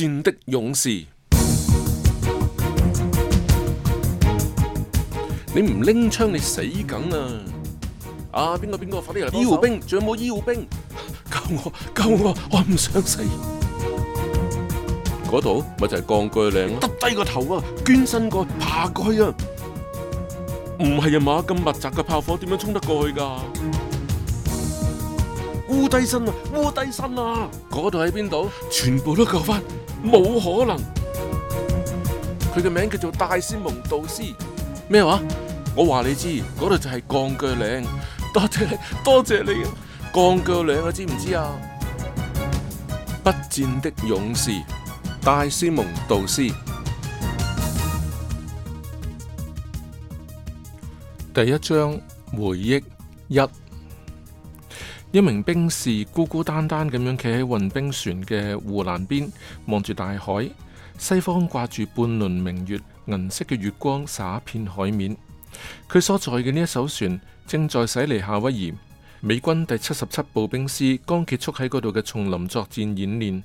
戰的勇士，你唔拎槍你死梗啊！啊，邊個邊個快啲嚟！醫護兵，仲有冇醫護兵？救我！救我！我唔想死！嗰度咪就係鋼鋸嶺咯！耷低個頭啊，捐身過，爬過去啊！唔係啊嘛，咁密集嘅炮火，點樣衝得過去噶？烏低身啊，烏低身啊！嗰度喺邊度？全部都救翻，冇可能！佢嘅名叫做戴斯蒙杜斯，咩話？我話你知，嗰度就係鋼鋸嶺。多謝你，多謝你！鋼鋸嶺啊，知唔知啊？不戰的勇士，戴斯蒙杜斯。第一章回憶一。一名兵士孤孤單單咁樣企喺運兵船嘅護欄邊，望住大海。西方掛住半輪明月，銀色嘅月光灑遍海面。佢所在嘅呢一艘船正在駛離夏威夷。美軍第七十七步兵師剛結束喺嗰度嘅叢林作戰演練。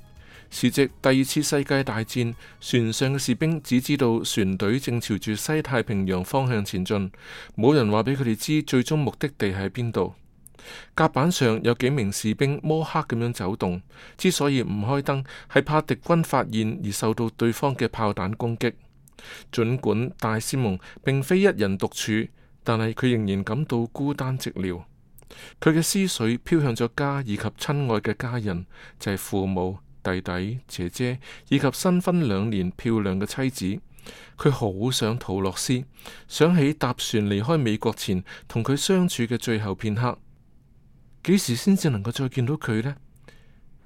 時值第二次世界大戰，船上嘅士兵只知道船隊正朝住西太平洋方向前進，冇人話俾佢哋知最終目的地喺邊度。甲板上有幾名士兵摸黑咁樣走動，之所以唔開燈，係怕敵軍發現而受到對方嘅炮彈攻擊。儘管戴斯蒙並非一人獨處，但係佢仍然感到孤單寂寥。佢嘅思緒飄向咗家以及親愛嘅家人，就係、是、父母、弟弟、姐姐以及新婚兩年漂亮嘅妻子。佢好想陶洛斯，想起搭船離開美國前同佢相處嘅最後片刻。幾時先至能夠再見到佢呢？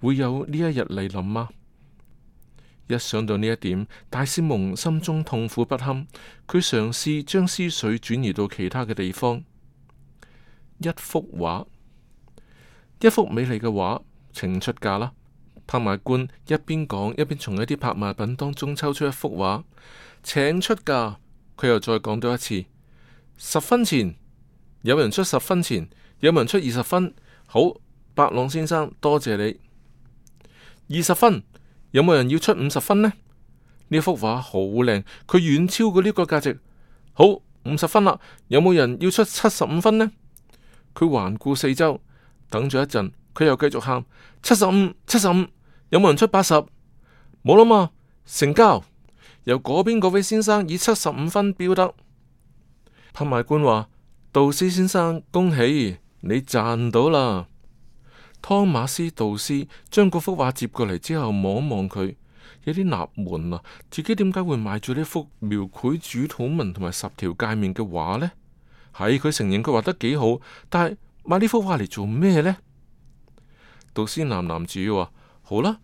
會有呢一日來臨嗎？一想到呢一點，戴斯蒙心中痛苦不堪。佢嘗試將思緒轉移到其他嘅地方。一幅畫，一幅美麗嘅畫，請出價啦！拍賣官一邊講一邊從一啲拍賣品當中抽出一幅畫，請出價。佢又再講多一次，十分錢，有人出十分錢，有人出二十分。好，白朗先生，多謝你。二十分，有冇人要出五十分呢？呢幅畫好靚，佢遠超過呢個價值。好，五十分啦，有冇人要出七十五分呢？佢環顧四周，等咗一陣，佢又繼續喊：七十五，七十五，有冇人出八十？冇啦嘛，成交，由嗰邊嗰位先生以七十五分標得。拍賣官話：杜斯先生，恭喜。你賺到啦！湯馬斯·杜斯將嗰幅畫接過嚟之後，望望佢，有啲納悶啊！自己點解會買咗呢幅描繪主禱文同埋十條誡命嘅畫呢？係佢承認佢畫得幾好，但係買幅畫呢幅畫嚟做咩咧？杜斯喃喃自語話：好啦，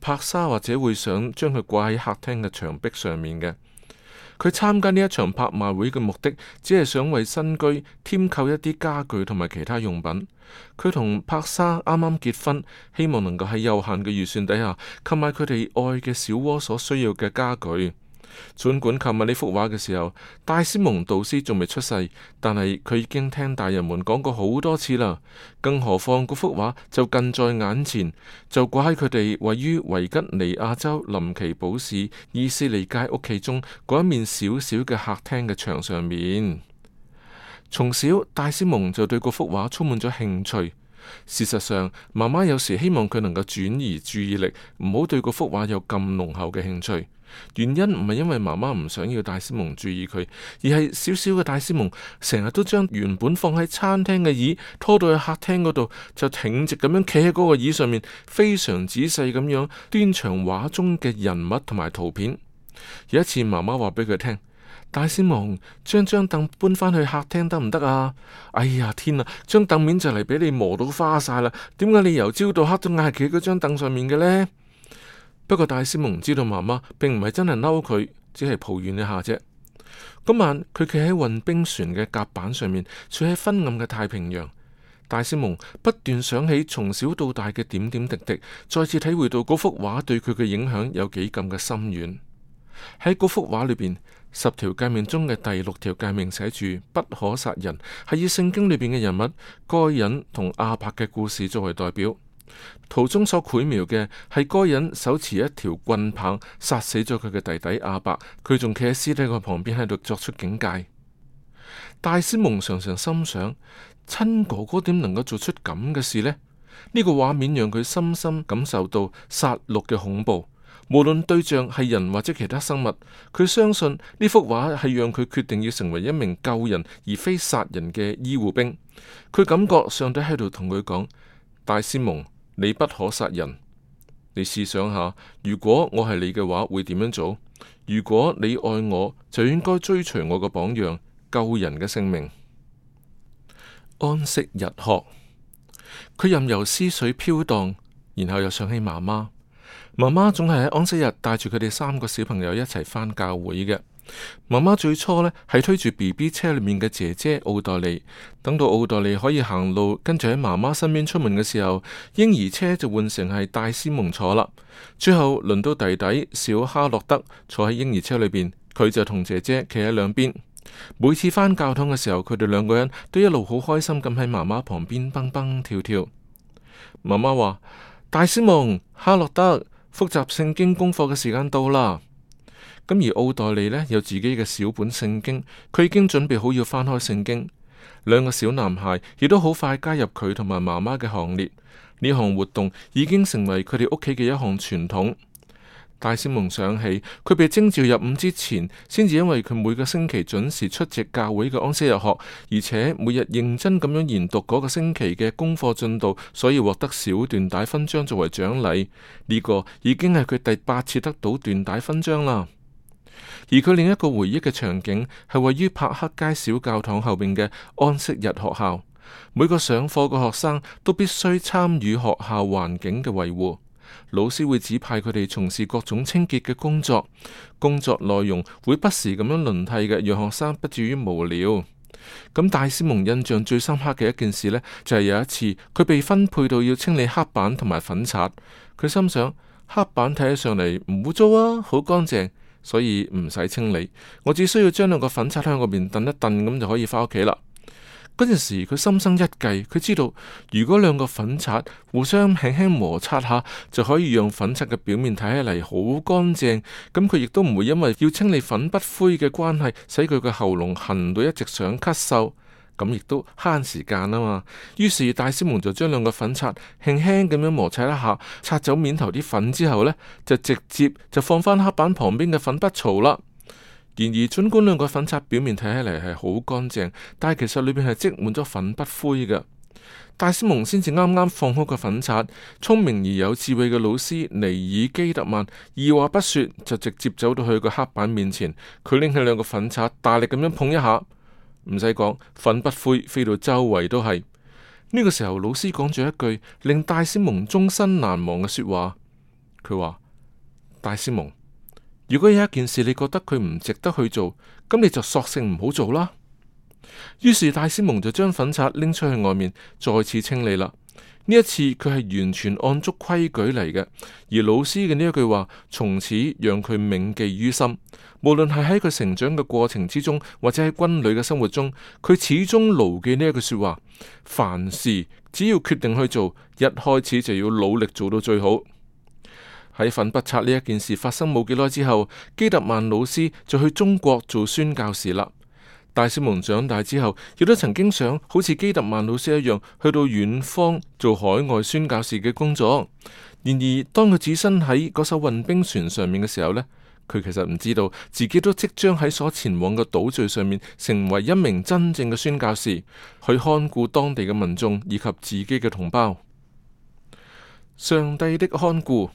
帕莎或者會想將佢掛喺客廳嘅牆壁上面嘅。佢參加呢一場拍賣會嘅目的，只係想為新居添購一啲家具同埋其他用品。佢同柏莎啱啱結婚，希望能夠喺有限嘅預算底下，購買佢哋愛嘅小窩所需要嘅家具。儘管琴日呢幅畫嘅時候，戴斯蒙導師仲未出世，但係佢已經聽大人們講過好多次啦。更何況嗰幅畫就近在眼前，就掛喺佢哋位於維吉尼亞州林奇堡市伊斯利街屋企中嗰一面小小嘅客廳嘅牆上面。從小，戴斯蒙就對嗰幅畫充滿咗興趣。事實上，媽媽有時希望佢能夠轉移注意力，唔好對嗰幅畫有咁濃厚嘅興趣。原因唔係因為媽媽唔想要戴斯蒙注意佢，而係少少嘅戴斯蒙成日都將原本放喺餐廳嘅椅拖到去客廳嗰度，就挺直咁樣企喺嗰個椅上面，非常仔細咁樣端詳畫中嘅人物同埋圖片。有一次媽媽，媽媽話俾佢聽，戴斯蒙將張凳搬返去客廳得唔得啊？哎呀天啊，張凳面就嚟俾你磨到花晒啦！點解你由朝到黑都硬係企喺嗰張凳上面嘅呢？不過戴斯蒙知道，媽媽並唔係真係嬲佢，只係抱怨一下啫。今晚佢企喺運兵船嘅甲板上面，處喺昏暗嘅太平洋。戴斯蒙不斷想起從小到大嘅點點滴滴，再次體會到嗰幅畫對佢嘅影響有幾咁嘅深遠。喺嗰幅畫裏邊，十條誡命中嘅第六條誡命寫住不可殺人，係以聖經裏邊嘅人物該隱同亞伯嘅故事作為代表。圖中所繪描嘅係該人手持一條棍棒殺死咗佢嘅弟弟阿伯，佢仲企喺屍體個旁邊喺度作出警戒。戴斯蒙常常心想：親哥哥點能夠做出咁嘅事呢？呢、這個畫面讓佢深深感受到殺戮嘅恐怖，無論對象係人或者其他生物。佢相信呢幅畫係讓佢決定要成為一名救人而非殺人嘅醫護兵。佢感覺上帝喺度同佢講：戴斯蒙。你不可殺人，你試想下，如果我係你嘅話，會點樣做？如果你愛我，就應該追隨我個榜樣，救人嘅性命。安息日學，佢任由思緒飄蕩，然後又想起媽媽。媽媽總係喺安息日帶住佢哋三個小朋友一齊返教會嘅。媽媽最初咧係推住 B B 車裏面嘅姐姐奧黛麗，等到奧黛麗可以行路，跟住喺媽媽身邊出門嘅時候，嬰兒車就換成係戴斯蒙坐啦。最後輪到弟弟小哈洛德坐喺嬰兒車裏邊，佢就同姐姐企喺兩邊。每次返教堂嘅時候，佢哋兩個人都一路好開心咁喺媽媽旁邊蹦蹦跳跳。媽媽話，戴斯蒙、哈洛德，複習聖經功課嘅時間到啦。咁而奧黛利呢，有自己嘅小本聖經，佢已經準備好要翻開聖經。兩個小男孩亦都好快加入佢同埋媽媽嘅行列。呢項活動已經成為佢哋屋企嘅一項傳統。戴斯蒙想起，佢被徵召入伍之前，先至因為佢每個星期準時出席教會嘅安息日學，而且每日認真咁樣研讀嗰個星期嘅功課進度，所以獲得小緞帶勳章作為獎勵。呢、這個已經係佢第八次得到緞帶勳章啦。而佢另一個回憶嘅場景係位於柏克街小教堂後邊嘅安息日學校。每個上課嘅學生都必須參與學校環境嘅維護，老師會指派佢哋從事各種清潔嘅工作。工作內容會不時咁樣輪替嘅，讓學生不至於無聊。咁，戴斯蒙印象最深刻嘅一件事呢，就係有一次佢被分配到要清理黑板同埋粉刷。佢心想，黑板睇起上嚟唔污糟啊，好乾淨。所以唔使清理，我只需要將兩個粉刷喺嗰邊掟一掟，咁就可以返屋企啦。嗰陣時佢心生一計，佢知道如果兩個粉刷互相輕輕摩擦下，就可以讓粉刷嘅表面睇起嚟好乾淨。咁佢亦都唔會因為要清理粉筆灰嘅關係，使佢嘅喉嚨痕到一直想咳嗽。咁亦都慳時間啊嘛！於是戴斯蒙就將兩個粉刷輕輕咁樣磨擦一下，擦走面頭啲粉之後呢，就直接就放翻黑板旁邊嘅粉筆槽啦。然而，儘管兩個粉刷表面睇起嚟係好乾淨，但係其實裏面係積滿咗粉筆灰嘅。戴斯蒙先至啱啱放開個粉刷，聰明而有智慧嘅老師尼爾基特曼二話不說，就直接走到去個黑板面前，佢拎起兩個粉刷大力咁樣碰一下。唔使講，粉筆灰，飛到周圍都係。呢、這個時候，老師講咗一句令戴斯蒙終身難忘嘅說話。佢話：戴斯蒙，如果有一件事你覺得佢唔值得去做，咁你就索性唔好做啦。於是戴斯蒙就將粉刷拎出去外面，再次清理啦。呢一次佢係完全按足規矩嚟嘅，而老師嘅呢一句話，從此讓佢銘記於心。無論係喺佢成長嘅過程之中，或者喺軍旅嘅生活中，佢始終牢記呢一句說話：凡事只要決定去做，一開始就要努力做到最好。喺粉筆擦呢一件事發生冇幾耐之後，基特曼老師就去中國做宣教士啦。戴斯蒙長大之後，亦都曾經想好似基特曼老師一樣，去到遠方做海外宣教士嘅工作。然而，當佢置身喺嗰艘運兵船上面嘅時候呢，佢其實唔知道自己都即將喺所前往嘅島嶼上面，成為一名真正嘅宣教士，去看顧當地嘅民眾以及自己嘅同胞。上帝的看顧，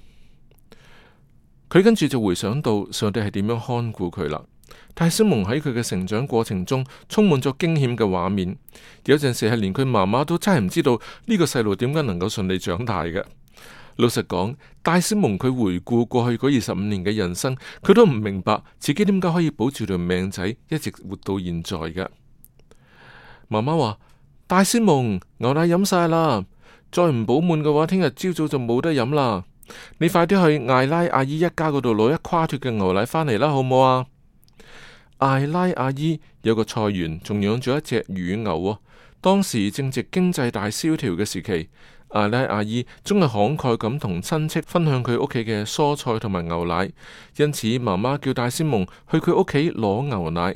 佢跟住就回想到上帝係點樣看顧佢啦。戴斯蒙喺佢嘅成長過程中充滿咗驚險嘅畫面，有陣時係連佢媽媽都真係唔知道呢個細路點解能夠順利長大嘅。老實講，戴斯蒙佢回顧過去嗰二十五年嘅人生，佢都唔明白自己點解可以保住條命仔一直活到現在嘅。媽媽話：戴斯蒙，牛奶飲晒啦，再唔補滿嘅話，聽日朝早就冇得飲啦。你快啲去艾拉阿姨一家嗰度攞一跨脱嘅牛奶返嚟啦，好唔好啊？艾拉阿姨有個菜園，仲養咗一隻乳牛、哦。當時正值經濟大蕭條嘅時期，艾拉阿姨總係慷慨咁同親戚分享佢屋企嘅蔬菜同埋牛奶。因此，媽媽叫戴斯蒙去佢屋企攞牛奶。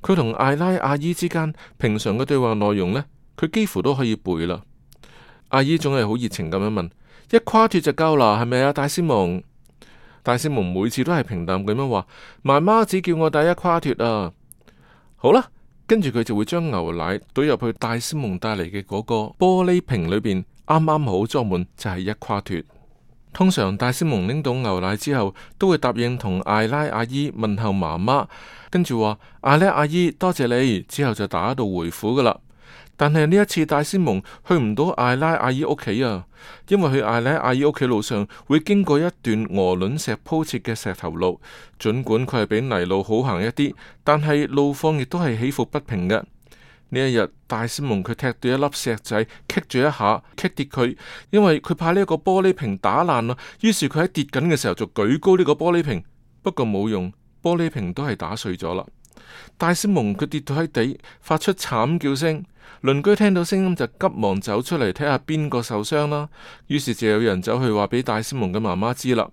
佢同艾拉阿姨之間平常嘅對話內容呢，佢幾乎都可以背啦。阿姨仲係好熱情咁樣問：一跨脱就夠啦，係咪啊，戴斯蒙？戴斯蒙每次都係平淡咁樣話，媽媽只叫我帶一跨脫啊，好啦，跟住佢就會將牛奶倒入去戴斯蒙帶嚟嘅嗰個玻璃瓶裏邊，啱啱好裝滿就係、是、一跨脫。通常戴斯蒙拎到牛奶之後，都會答應同艾拉阿姨問候媽媽，跟住話艾拉阿姨，阿姨多謝你，之後就打道回府噶啦。但係呢一次，戴斯蒙去唔到艾拉阿姨屋企啊，因為去艾拉阿姨屋企路上會經過一段鵝卵石鋪設嘅石頭路，儘管佢係比泥路好行一啲，但係路況亦都係起伏不平嘅。呢一日，戴斯蒙佢踢到一粒石仔，棘住一下，棘跌佢，因為佢怕呢一個玻璃瓶打爛咯，於是佢喺跌緊嘅時候就舉高呢個玻璃瓶，不過冇用，玻璃瓶都係打碎咗啦。戴斯蒙佢跌到喺地，發出慘叫聲。鄰居聽到聲音就急忙走出嚟睇下邊個受傷啦。於是就有人走去話俾戴斯蒙嘅媽媽知啦。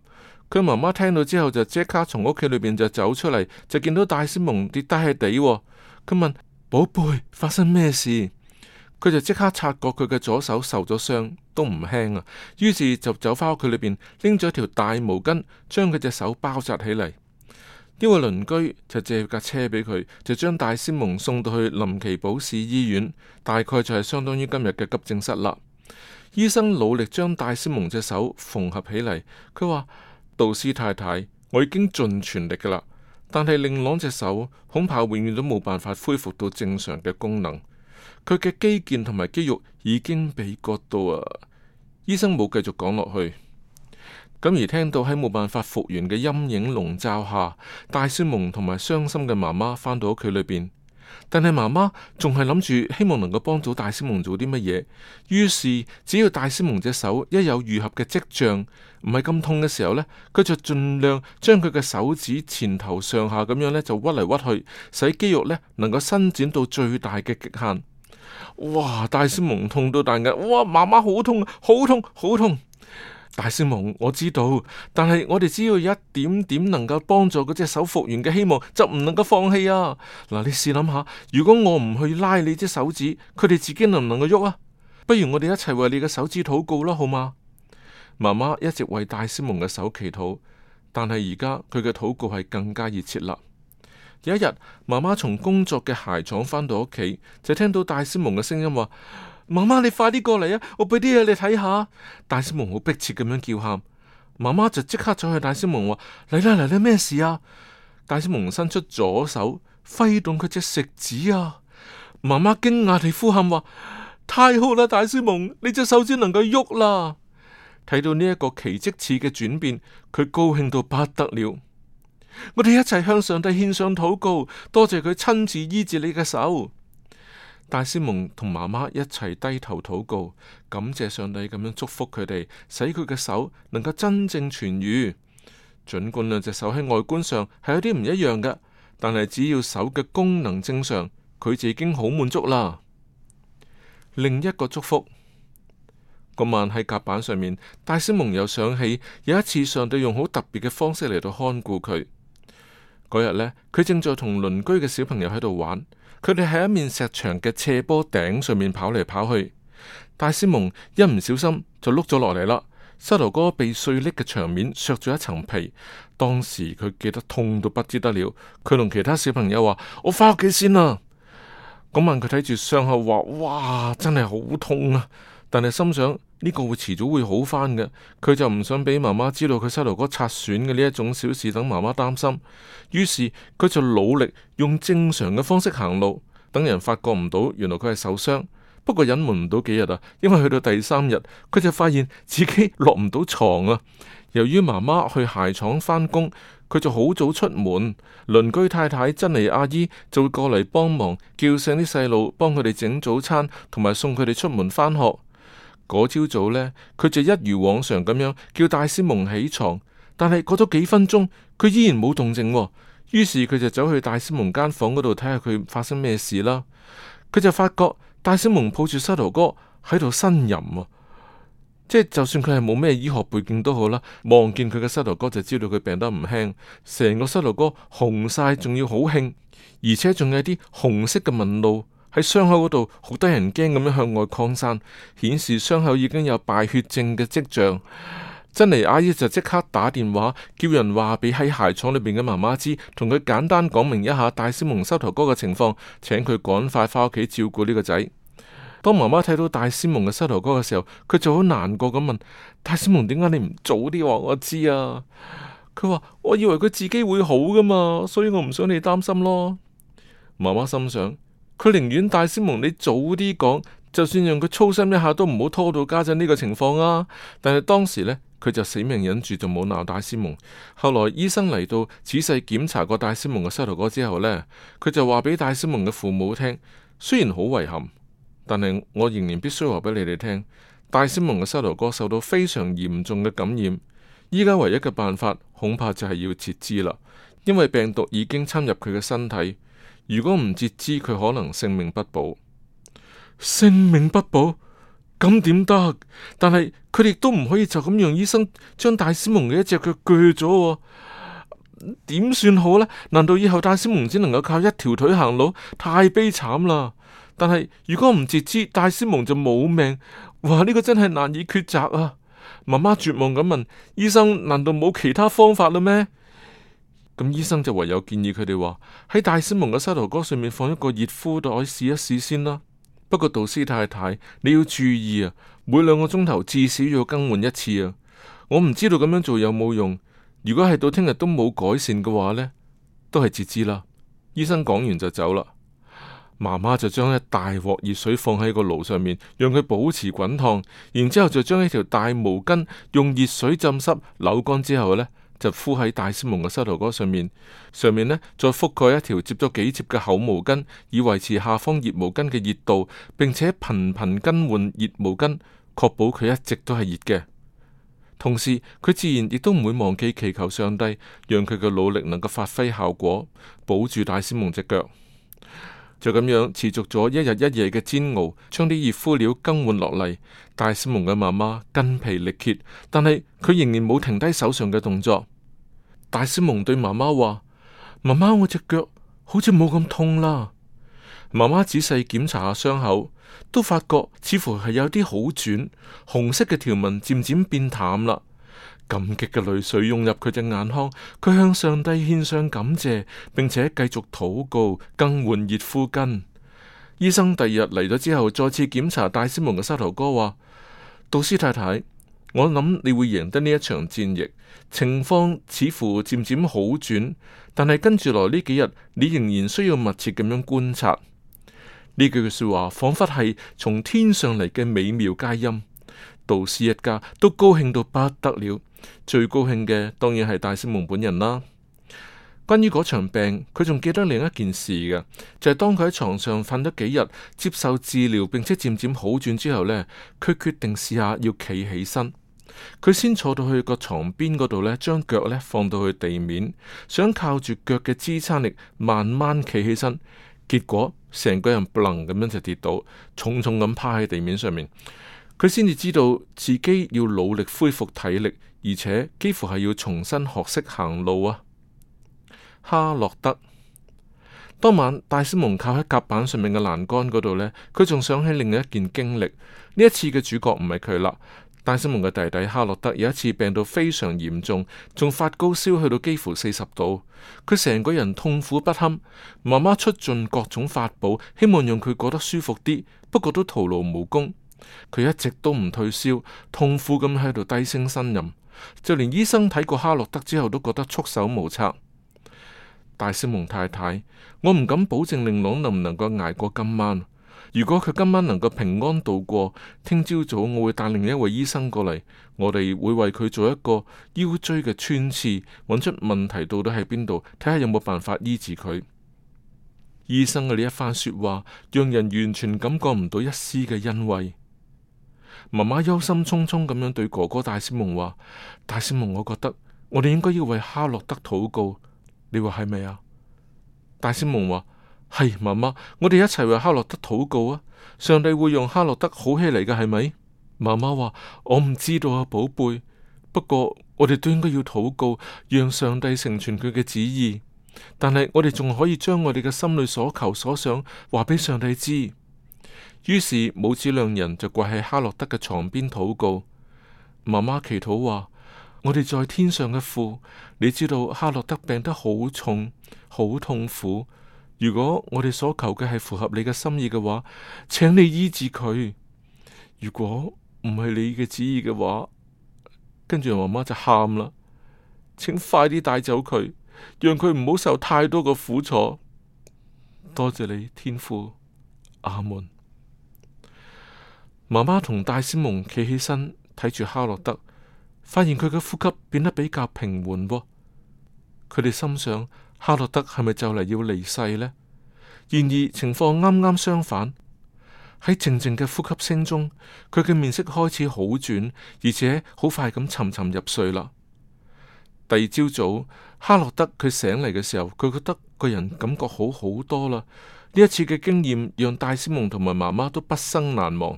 佢媽媽聽到之後就即刻從屋企裏邊就走出嚟，就見到戴斯蒙跌低喺地。佢問：寶貝，發生咩事？佢就即刻察覺佢嘅左手受咗傷，都唔輕啊。於是就走返屋企裏邊，拎咗條大毛巾，將佢隻手包紮起嚟。因為鄰居就借架車俾佢，就將戴斯蒙送到去林奇堡市醫院，大概就係相當於今日嘅急症室啦。醫生努力將戴斯蒙隻手縫合起嚟，佢話，杜斯太太，我已經盡全力噶啦，但係令郎隻手恐怕永遠都冇辦法恢復到正常嘅功能，佢嘅肌腱同埋肌肉已經畀割到啊！醫生冇繼續講落去。咁而聽到喺冇辦法復原嘅陰影籠罩下，戴斯蒙同埋傷心嘅媽媽返到屋企裏邊，但係媽媽仲係諗住希望能夠幫助戴斯蒙做啲乜嘢。於是只要戴斯蒙隻手一有愈合嘅跡象，唔係咁痛嘅時候呢，佢就盡量將佢嘅手指前頭上下咁樣呢就屈嚟，屈去，使肌肉呢能夠伸展到最大嘅極限。哇！戴斯蒙痛到大嗌哇！媽媽好痛啊，好痛，好痛！戴斯蒙我知道，但係我哋只要有一點點能夠幫助嗰隻手復原嘅希望，就唔能夠放棄啊！嗱、啊，你試諗下，如果我唔去拉你隻手指，佢哋自己能唔能夠喐啊？不如我哋一齊為你嘅手指禱告啦，好嗎？媽媽一直為戴斯蒙嘅手祈禱，但係而家佢嘅禱告係更加熱切啦。有一日，媽媽從工作嘅鞋廠返到屋企，就聽到戴斯蒙嘅聲音話。媽媽，你快啲過嚟啊！我俾啲嘢你睇下。戴斯蒙好迫切咁樣叫喊，媽媽就即刻走去。戴斯蒙話：嚟啦嚟啦，咩事啊？戴斯蒙伸出左手，揮動佢隻食指啊！媽媽驚訝地呼喊話：太好啦，戴斯蒙，你隻手指能夠喐啦！睇到呢一個奇蹟似嘅轉變，佢高興到不得了。我哋一齊向上帝獻上禱告，多謝佢親自醫治你嘅手。戴斯蒙同媽媽一齊低頭禱告，感謝上帝咁樣祝福佢哋，使佢嘅手能夠真正痊癒。盡管兩隻手喺外觀上係有啲唔一樣嘅，但係只要手嘅功能正常，佢就已經好滿足啦。另一個祝福，嗰晚喺甲板上面，戴斯蒙又想起有一次上帝用好特別嘅方式嚟到看顧佢。嗰日呢，佢正在同鄰居嘅小朋友喺度玩。佢哋喺一面石牆嘅斜坡頂上面跑嚟跑去，戴斯蒙一唔小心就碌咗落嚟啦。膝頭哥被碎裂嘅牆面削咗一層皮，當時佢記得痛到不知得了。佢同其他小朋友話：我翻屋企先啦。咁晚佢睇住傷口話：哇，真係好痛啊！但係心想呢個會遲早會好返嘅，佢就唔想俾媽媽知道佢膝頭哥擦損嘅呢一種小事，等媽媽擔心。於是佢就努力用正常嘅方式行路，等人發覺唔到，原來佢係受傷。不過隱瞞唔到幾日啊，因為去到第三日，佢就發現自己落唔到床啊。由於媽媽去鞋廠返工，佢就好早出門。鄰居太太珍妮阿姨就會過嚟幫忙，叫醒啲細路，幫佢哋整早餐，同埋送佢哋出門返學。嗰朝早呢，佢就一如往常咁樣叫戴斯蒙起床，但係過咗幾分鐘，佢依然冇動靜。於是佢就走去戴斯蒙間房嗰度睇下佢發生咩事啦。佢就發覺戴斯蒙抱住膝頭哥喺度呻吟啊！即係就算佢係冇咩醫學背景都好啦，望見佢嘅膝頭哥就知道佢病得唔輕，成個膝頭哥紅晒，仲要好興，而且仲有啲紅色嘅紋路。喺傷口嗰度，好得人驚咁樣向外擴散，顯示傷口已經有敗血症嘅跡象。珍妮阿姨就即刻打電話叫人話俾喺鞋廠裏邊嘅媽媽知，同佢簡單講明一下戴斯蒙膝頭哥嘅情況，請佢趕快返屋企照顧呢個仔。當媽媽睇到戴斯蒙嘅膝頭哥嘅時候，佢就好難過咁問戴斯蒙，點解你唔早啲話我知啊？佢話，我以為佢自己會好噶嘛，所以我唔想你擔心咯。媽媽心想，佢寧願戴斯蒙你早啲講，就算用佢操心一下都唔好拖到家陣呢個情況啊！但係當時呢，佢就死命忍住就冇鬧戴斯蒙。後來醫生嚟到仔細檢查過戴斯蒙嘅膝頭哥之後呢，佢就話俾戴斯蒙嘅父母聽，雖然好遺憾，但係我仍然必須話俾你哋聽，戴斯蒙嘅膝頭哥受到非常嚴重嘅感染，依家唯一嘅辦法恐怕就係要截肢啦，因為病毒已經侵入佢嘅身體。如果唔截肢，佢可能性命不保。性命不保，咁點得？但係佢哋都唔可以就咁讓醫生將戴斯蒙嘅一隻腳鋸咗，喎，點算好呢？難道以後戴斯蒙只能夠靠一條腿行路？太悲慘啦！但係如果唔截肢，戴斯蒙就冇命。哇！呢個真係難以抉擇啊！媽媽絕望咁問醫生：難道冇其他方法啦咩？咁醫生就唯有建議佢哋話：喺戴斯蒙嘅膝頭哥上面放一個熱敷袋，試一試先啦。不過杜斯太太，你要注意啊，每兩個鐘頭至少要更換一次啊。我唔知道咁樣做有冇用。如果係到聽日都冇改善嘅話呢，都係截肢啦。醫生講完就走啦。媽媽就將一大鑊熱水放喺個爐上面，讓佢保持滾燙，然之後就將一條大毛巾用熱水浸濕，扭乾之後呢，就敷喺戴斯蒙嘅膝頭哥上面，上面呢，再覆蓋一條接咗幾折嘅厚毛巾，以維持下方熱毛巾嘅熱度，並且頻頻更換熱毛巾，確保佢一直都係熱嘅。同時，佢自然亦都唔會忘記祈求上帝，讓佢嘅努力能夠發揮效果，保住戴斯蒙隻腳。就咁樣持續咗一日一夜嘅煎熬，將啲熱敷料更換落嚟，戴斯蒙嘅媽媽筋疲力竭，但係佢仍然冇停低手上嘅動作。戴斯蒙對媽媽話：媽媽，我隻腳好似冇咁痛啦。媽媽仔細檢查下傷口，都發覺似乎係有啲好轉，紅色嘅條紋漸漸變淡啦。感激嘅淚水湧入佢隻眼眶，佢向上帝獻上感謝，並且繼續禱告，更換熱敷巾。醫生第二日嚟咗之後，再次檢查戴斯蒙嘅膝頭哥，話：杜斯太太。我諗你會贏得呢一場戰役，情況似乎漸漸好轉，但係跟住來呢幾日，你仍然需要密切咁樣觀察。呢句說話仿佛係從天上嚟嘅美妙佳音。杜斯一家都高興到不得了，最高興嘅當然係戴斯蒙本人啦。關於嗰場病，佢仲記得另一件事嘅，就係、是、當佢喺床上瞓咗幾日，接受治療並且漸漸好轉之後呢，佢決定試下要企起身。佢先坐到去個床邊嗰度呢，將腳呢放到去地面，想靠住腳嘅支撐力慢慢企起身，結果成個人不棱咁樣就跌倒，重重咁趴喺地面上面。佢先至知道自己要努力恢復體力，而且幾乎係要重新學識行路啊！哈洛德當晚，戴斯蒙靠喺甲板上面嘅欄杆嗰度呢，佢仲想起另一件經歷。呢一次嘅主角唔係佢啦。戴斯蒙嘅弟弟哈洛德有一次病到非常嚴重，仲發高燒去到幾乎四十度，佢成個人痛苦不堪。媽媽出盡各種法寶，希望讓佢過得舒服啲，不過都徒勞無功。佢一直都唔退燒，痛苦咁喺度低聲呻吟，就連醫生睇過哈洛德之後都覺得束手無策。戴斯蒙太太，我唔敢保證令郎能唔能夠挨過今晚。如果佢今晚能夠平安度過，聽朝早我會帶另一位醫生過嚟，我哋會為佢做一個腰椎嘅穿刺，揾出問題到底喺邊度，睇下有冇辦法醫治佢。醫生嘅呢一番說話，讓人完全感覺唔到一絲嘅欣慰。媽媽憂心忡忡咁樣對哥哥戴斯蒙話：戴斯蒙，我覺得我哋應該要為哈洛德禱告，你話係咪啊？戴斯蒙話。係媽媽，我哋一齊為哈洛德禱告啊！上帝會讓哈洛德好起嚟嘅，係咪？媽媽話我唔知道啊，寶貝。不過我哋都應該要禱告，讓上帝成全佢嘅旨意。但係我哋仲可以將我哋嘅心裏所求所想話俾上帝知。於是母子兩人就跪喺哈洛德嘅床邊禱告。媽媽祈禱話：我哋在天上嘅父，你知道哈洛德病得好重，好痛苦。如果我哋所求嘅係符合你嘅心意嘅話，請你醫治佢。如果唔係你嘅旨意嘅話，跟住媽媽就喊啦，請快啲帶走佢，讓佢唔好受太多嘅苦楚。多謝你，天父，阿門。媽媽同戴斯蒙企起身睇住哈洛德，發現佢嘅呼吸變得比較平緩。佢哋心想。哈洛德係咪就嚟要離世呢？然而情況啱啱相反，喺靜靜嘅呼吸聲中，佢嘅面色開始好轉，而且好快咁沉沉入睡啦。第二朝早，哈洛德佢醒嚟嘅時候，佢覺得個人感覺好好多啦。呢一次嘅經驗讓戴斯蒙同埋媽媽都畢生難忘。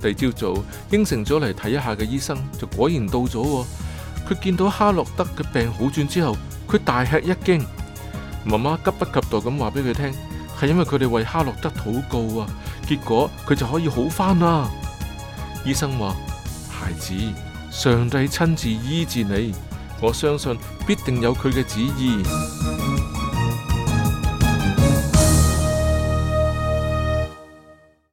第二朝早應承咗嚟睇一下嘅醫生就果然到咗喎。佢見到哈洛德嘅病好轉之後，佢大吃一驚。媽媽急不及待咁話俾佢聽，係因為佢哋為哈洛德禱告啊，結果佢就可以好返啦。醫生話：「孩子，上帝親自醫治你，我相信必定有佢嘅旨意。」